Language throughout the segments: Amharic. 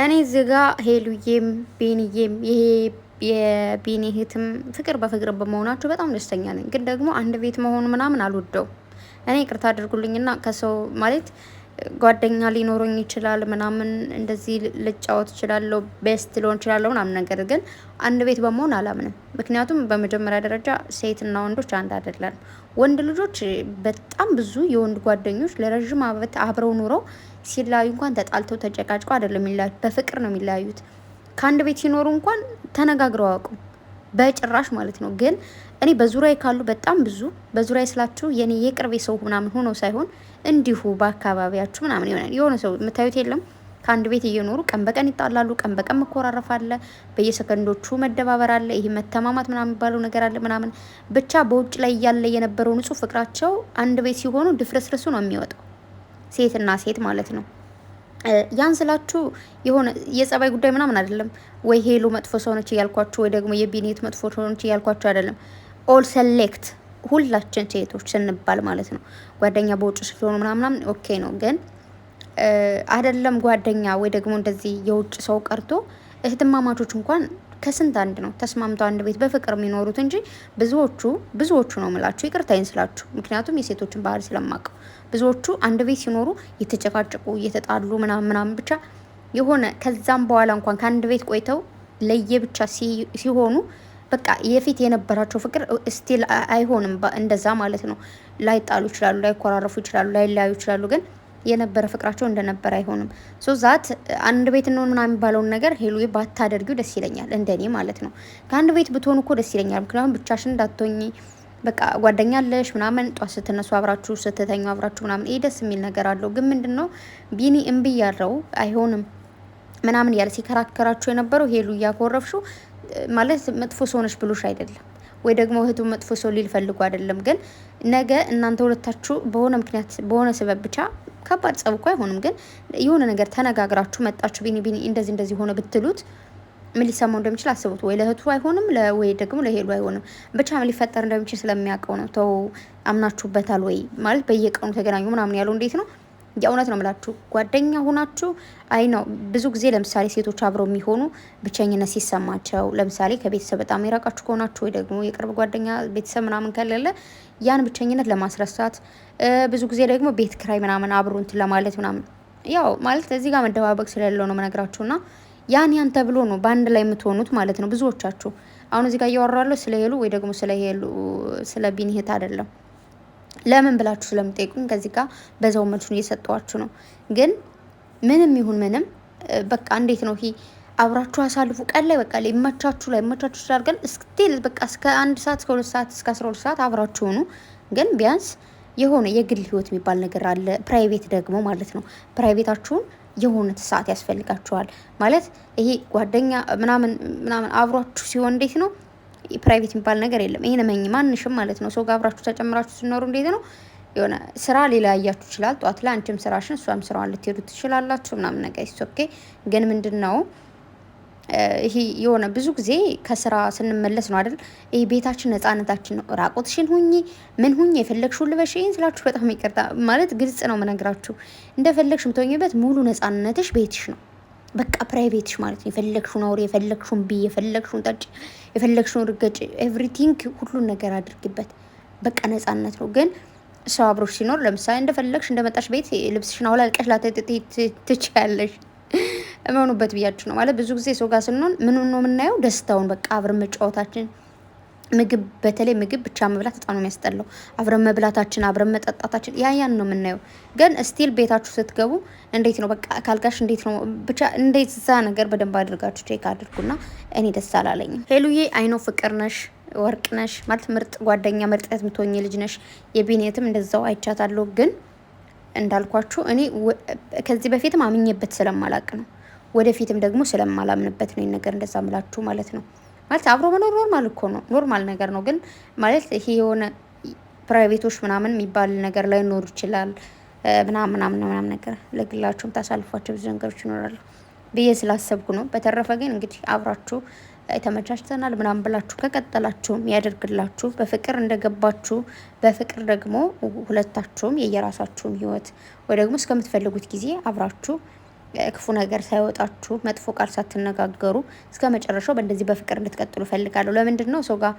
እኔ እዚህ ጋ ሄሉዬም ቤንዬም ይሄ የቤኒ እህትም ፍቅር በፍቅር በመሆናቸው በጣም ደስተኛ ነኝ። ግን ደግሞ አንድ ቤት መሆኑ ምናምን አልወደው እኔ ቅርታ አድርጉልኝና ከሰው ማለት ጓደኛ ሊኖረኝ ይችላል ምናምን እንደዚህ ልጫወት እችላለሁ፣ ቤስት ሊሆን እችላለሁ ምናምን። ነገር ግን አንድ ቤት በመሆን አላምንም። ምክንያቱም በመጀመሪያ ደረጃ ሴትና ወንዶች አንድ አይደለም። ወንድ ልጆች በጣም ብዙ የወንድ ጓደኞች ለረዥም አበት አብረው ኑረው ሲለያዩ እንኳን ተጣልተው ተጨቃጭቀው አይደለም የሚለያዩት፣ በፍቅር ነው የሚለያዩት። ከአንድ ቤት ሲኖሩ እንኳን ተነጋግረው አያውቁም። በጭራሽ ማለት ነው። ግን እኔ በዙሪያ ካሉ በጣም ብዙ በዙሪያ ስላችሁ የኔ የቅርብ ሰው ምናምን ሆኖ ሳይሆን እንዲሁ በአካባቢያችሁ ምናምን ይሆናል የሆነ ሰው የምታዩት የለም ከአንድ ቤት እየኖሩ ቀን በቀን ይጣላሉ። ቀን በቀን መኮራረፍ አለ። በየሰከንዶቹ መደባበር አለ። ይህ መተማማት ምናምን የሚባለው ነገር አለ ምናምን ብቻ በውጭ ላይ እያለ የነበረው ንጹህ ፍቅራቸው አንድ ቤት ሲሆኑ ድፍርስርሱ ነው የሚወጣው ሴትና ሴት ማለት ነው። ያን ስላችሁ የሆነ የጸባይ ጉዳይ ምናምን አይደለም። ወይ ሄሉ መጥፎ ሰውነች እያልኳችሁ ወይ ደግሞ የቢኔት መጥፎ ሰውነች እያልኳችሁ አይደለም። ኦል ሴሌክት ሁላችን ሴቶች ስንባል ማለት ነው። ጓደኛ በውጭ ስለሆኑ ምናምናም ኦኬ ነው። ግን አይደለም ጓደኛ ወይ ደግሞ እንደዚህ የውጭ ሰው ቀርቶ እህትማማቾች እንኳን ከስንት አንድ ነው ተስማምቶ አንድ ቤት በፍቅር የሚኖሩት እንጂ ብዙዎቹ ብዙዎቹ ነው ምላችሁ፣ ይቅርታ ይንስላችሁ። ምክንያቱም የሴቶችን ባህል ስለማቀው ብዙዎቹ አንድ ቤት ሲኖሩ እየተጨቃጨቁ እየተጣሉ ምናምን ምናምን ብቻ የሆነ ከዛም በኋላ እንኳን ከአንድ ቤት ቆይተው ለየብቻ ሲሆኑ በቃ የፊት የነበራቸው ፍቅር ስቲል አይሆንም። እንደዛ ማለት ነው። ላይጣሉ ይችላሉ፣ ላይኮራረፉ ይችላሉ፣ ላይለያዩ ይችላሉ ግን የነበረ ፍቅራቸው እንደነበረ አይሆንም። ሶ ዛት አንድ ቤት እንሆን ምናምን የሚባለውን ነገር ሄሉ ባታደርጊው ደስ ይለኛል፣ እንደኔ ማለት ነው። ከአንድ ቤት ብትሆን እኮ ደስ ይለኛል። ምክንያቱም ብቻሽን እንዳትሆኚ በቃ ጓደኛ አለሽ ምናምን፣ ጧት ስትነሱ አብራችሁ፣ ስትተኙ አብራችሁ ምናምን፣ ይህ ደስ የሚል ነገር አለው። ግን ምንድን ነው ቢኒ እምቢ ያለው አይሆንም ምናምን እያለ ሲከራከራችሁ የነበረው ሄሉ እያኮረፍሹ ማለት መጥፎ ሰው ብሎሽ አይደለም ወይ ደግሞ እህቱ መጥፎ ሰው ሊል ፈልጉ አይደለም። ግን ነገ እናንተ ሁለታችሁ በሆነ ምክንያት በሆነ ስበብ ብቻ ከባድ ጸብ እኮ አይሆንም፣ ግን የሆነ ነገር ተነጋግራችሁ መጣችሁ ቢኒ ቢኒ እንደዚህ እንደዚህ ሆነ ብትሉት ምን ሊሰማው እንደሚችል አስቡት። ወይ ለእህቱ አይሆንም፣ ወይ ደግሞ ለሄሉ አይሆንም። ብቻ ምን ሊፈጠር እንደሚችል ስለሚያውቀው ነው። ተው አምናችሁበታል ወይ ማለት በየቀኑ ተገናኙ ምናምን ያለው እንዴት ነው የእውነት ነው ምላችሁ ጓደኛ ሆናችሁ አይ ነው ብዙ ጊዜ ለምሳሌ ሴቶች አብረው የሚሆኑ ብቸኝነት ሲሰማቸው ለምሳሌ ከቤተሰብ በጣም የራቃችሁ ከሆናችሁ ወይ ደግሞ የቅርብ ጓደኛ ቤተሰብ ምናምን ከሌለ ያን ብቸኝነት ለማስረሳት ብዙ ጊዜ ደግሞ ቤት ክራይ ምናምን አብሮ እንትን ለማለት ምናምን ያው ማለት እዚህ ጋር መደባበቅ ስለሌለው ነው ና ያን ያን ተብሎ ነው በአንድ ላይ የምትሆኑት ማለት ነው ብዙዎቻችሁ። አሁን እዚህ ጋር እያወራለሁ ስለ ሄሉ ወይ ደግሞ ስለ ሄሉ ስለ ቢኒ እህት አይደለም ለምን ብላችሁ ስለምጠይቁኝ ከዚህ ጋር በዛው መልሱን እየሰጠዋችሁ ነው። ግን ምንም ይሁን ምንም በቃ እንዴት ነው ይሄ አብራችሁ አሳልፉ። ቀን ላይ በቃ ይመቻችሁ ላይ ይመቻችሁ ግን እስክቴል በቃ እስከ አንድ ሰዓት እስከ ሁለት ሰዓት እስከ አስራ ሁለት ሰዓት አብራችሁ ሆኑ። ግን ቢያንስ የሆነ የግል ህይወት የሚባል ነገር አለ። ፕራይቬት ደግሞ ማለት ነው። ፕራይቬታችሁን የሆነ ሰዓት ያስፈልጋችኋል ማለት ይሄ ጓደኛ ምናምን ምናምን አብሯችሁ ሲሆን እንዴት ነው ፕራይቬት የሚባል ነገር የለም። ይሄ ነመኝ ማንሽም ማለት ነው ሰው ጋር አብራችሁ ተጨምራችሁ ስኖሩ እንዴት ነው የሆነ ስራ ሌላ ሊለያያችሁ ይችላል። ጠዋት ላይ አንቺም ስራሽን እሷም ስራዋን ልትሄዱ ትችላላችሁ ምናምን ነገር ኦኬ። ግን ምንድን ነው ይሄ የሆነ ብዙ ጊዜ ከስራ ስንመለስ ነው አይደል? ይሄ ቤታችን ነጻነታችን ነው። ራቆትሽን ሁኚ ምን ሁኚ የፈለግሽውን ልበሽ። ይህን ስላችሁ በጣም ይቅርታ ማለት ግልጽ ነው መነግራችሁ። እንደፈለግሽ የምትሆኝበት ሙሉ ነጻነትሽ ቤትሽ ነው። በቃ ፕራይቬትሽ ማለት ነው። የፈለግሽውን አውሪ፣ የፈለግሽውን ብይ፣ የፈለግሽውን ጠጭ የፈለግሽውን ርገጭ፣ ኤቭሪቲንግ ሁሉን ነገር አድርግበት። በቃ ነጻነት ነው። ግን ሰው አብሮሽ ሲኖር ለምሳሌ እንደፈለግሽ እንደመጣሽ ቤት ልብስሽን አውላልቀሽ ትችያለሽ። እመኑበት ብያችሁ ነው ማለት ብዙ ጊዜ ሰው ጋር ስንሆን ምኑን ነው የምናየው? ደስታውን በቃ አብር መጫወታችን ምግብ በተለይ ምግብ ብቻ መብላት በጣም ነው የሚያስጠላው። አብረን መብላታችን አብረን መጠጣታችን ያ ያን ነው የምናየው። ግን ስቲል ቤታችሁ ስትገቡ እንዴት ነው በቃ ካልጋሽ እንዴት ነው ብቻ እንዴት እዛ ነገር በደንብ አድርጋችሁ ቼክ አድርጉና እኔ ደስ አላለኝም። ሄሉዬ አይኖ ፍቅር ነሽ ወርቅ ነሽ ማለት ምርጥ ጓደኛ መርጠት ምትሆኝ ልጅ ነሽ። የቢኔትም እንደዛው አይቻታለሁ። ግን እንዳልኳችሁ እኔ ከዚህ በፊትም አምኜበት ስለማላቅ ነው ወደፊትም ደግሞ ስለማላምንበት ነው ነገር እንደዛ ምላችሁ ማለት ነው ማለት አብሮ መኖር ኖርማል እኮ ነው፣ ኖርማል ነገር ነው። ግን ማለት ይሄ የሆነ ፕራይቬቶች ምናምን የሚባል ነገር ላይኖር ይችላል ምናምን ምናምን ምናምን ነገር ለግላችሁም ታሳልፏቸው ብዙ ነገሮች ይኖራሉ ብዬ ስላሰብኩ ነው። በተረፈ ግን እንግዲህ አብራችሁ ተመቻችተናል ምናምን ብላችሁ ከቀጠላችሁም ያደርግላችሁ። በፍቅር እንደገባችሁ በፍቅር ደግሞ ሁለታችሁም የየራሳችሁን ህይወት ወይ ደግሞ እስከምትፈልጉት ጊዜ አብራችሁ ክፉ ነገር ሳይወጣችሁ መጥፎ ቃል ሳትነጋገሩ እስከ መጨረሻው በእንደዚህ በፍቅር እንድትቀጥሉ እፈልጋለሁ። ለምንድን ነው ሰው ጋር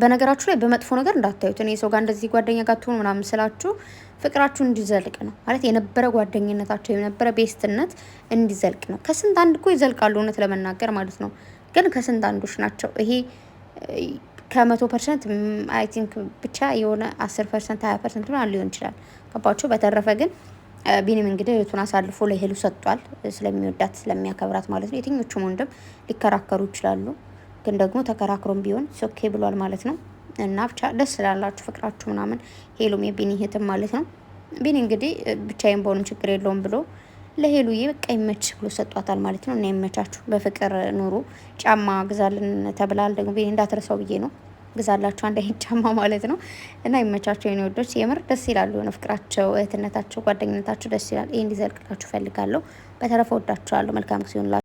በነገራችሁ ላይ በመጥፎ ነገር እንዳታዩት። እኔ ሰው ጋር እንደዚህ ጓደኛ ጋር ትሆኑ ምናምን ስላችሁ ፍቅራችሁ እንዲዘልቅ ነው ማለት የነበረ ጓደኝነታቸው የነበረ ቤስትነት እንዲዘልቅ ነው። ከስንት አንድ እኮ ይዘልቃሉ እውነት ለመናገር ማለት ነው። ግን ከስንት አንዶች ናቸው ይሄ ከመቶ ፐርሰንት አይ ቲንክ ብቻ የሆነ አስር ፐርሰንት ሀያ ፐርሰንት ሊሆን ይችላል። ገባችሁ? በተረፈ ግን ቢኒም እንግዲህ እህቱን አሳልፎ ለሄሉ ሰጥቷል። ስለሚወዳት ስለሚያከብራት ማለት ነው። የትኞቹም ወንድም ሊከራከሩ ይችላሉ፣ ግን ደግሞ ተከራክሮም ቢሆን ሶኬ ብሏል ማለት ነው። እና ብቻ ደስ ስላላችሁ ፍቅራችሁ ምናምን ሄሉም የቢኒ እህትም ማለት ነው። ቢኒ እንግዲህ ብቻዬን በሆንም ችግር የለውም ብሎ ለሄሉዬ በቃ ይመች ብሎ ሰጧታል ማለት ነው። እና ይመቻችሁ፣ በፍቅር ኑሩ። ጫማ ግዛልን ተብላል ደግሞ ቢኒ እንዳትረሳው ብዬ ነው ግዛላችሁ አንድ አይነት ጫማ ማለት ነው። እና ይመቻቸው የኔ ወዶች፣ የምር ደስ ይላሉ። የሆነ ፍቅራቸው፣ እህትነታቸው፣ ጓደኝነታቸው ደስ ይላል። ይህ እንዲዘልቅላችሁ ፈልጋለሁ። በተረፈ ወዳችኋለሁ። መልካም ጊዜ ሆንላ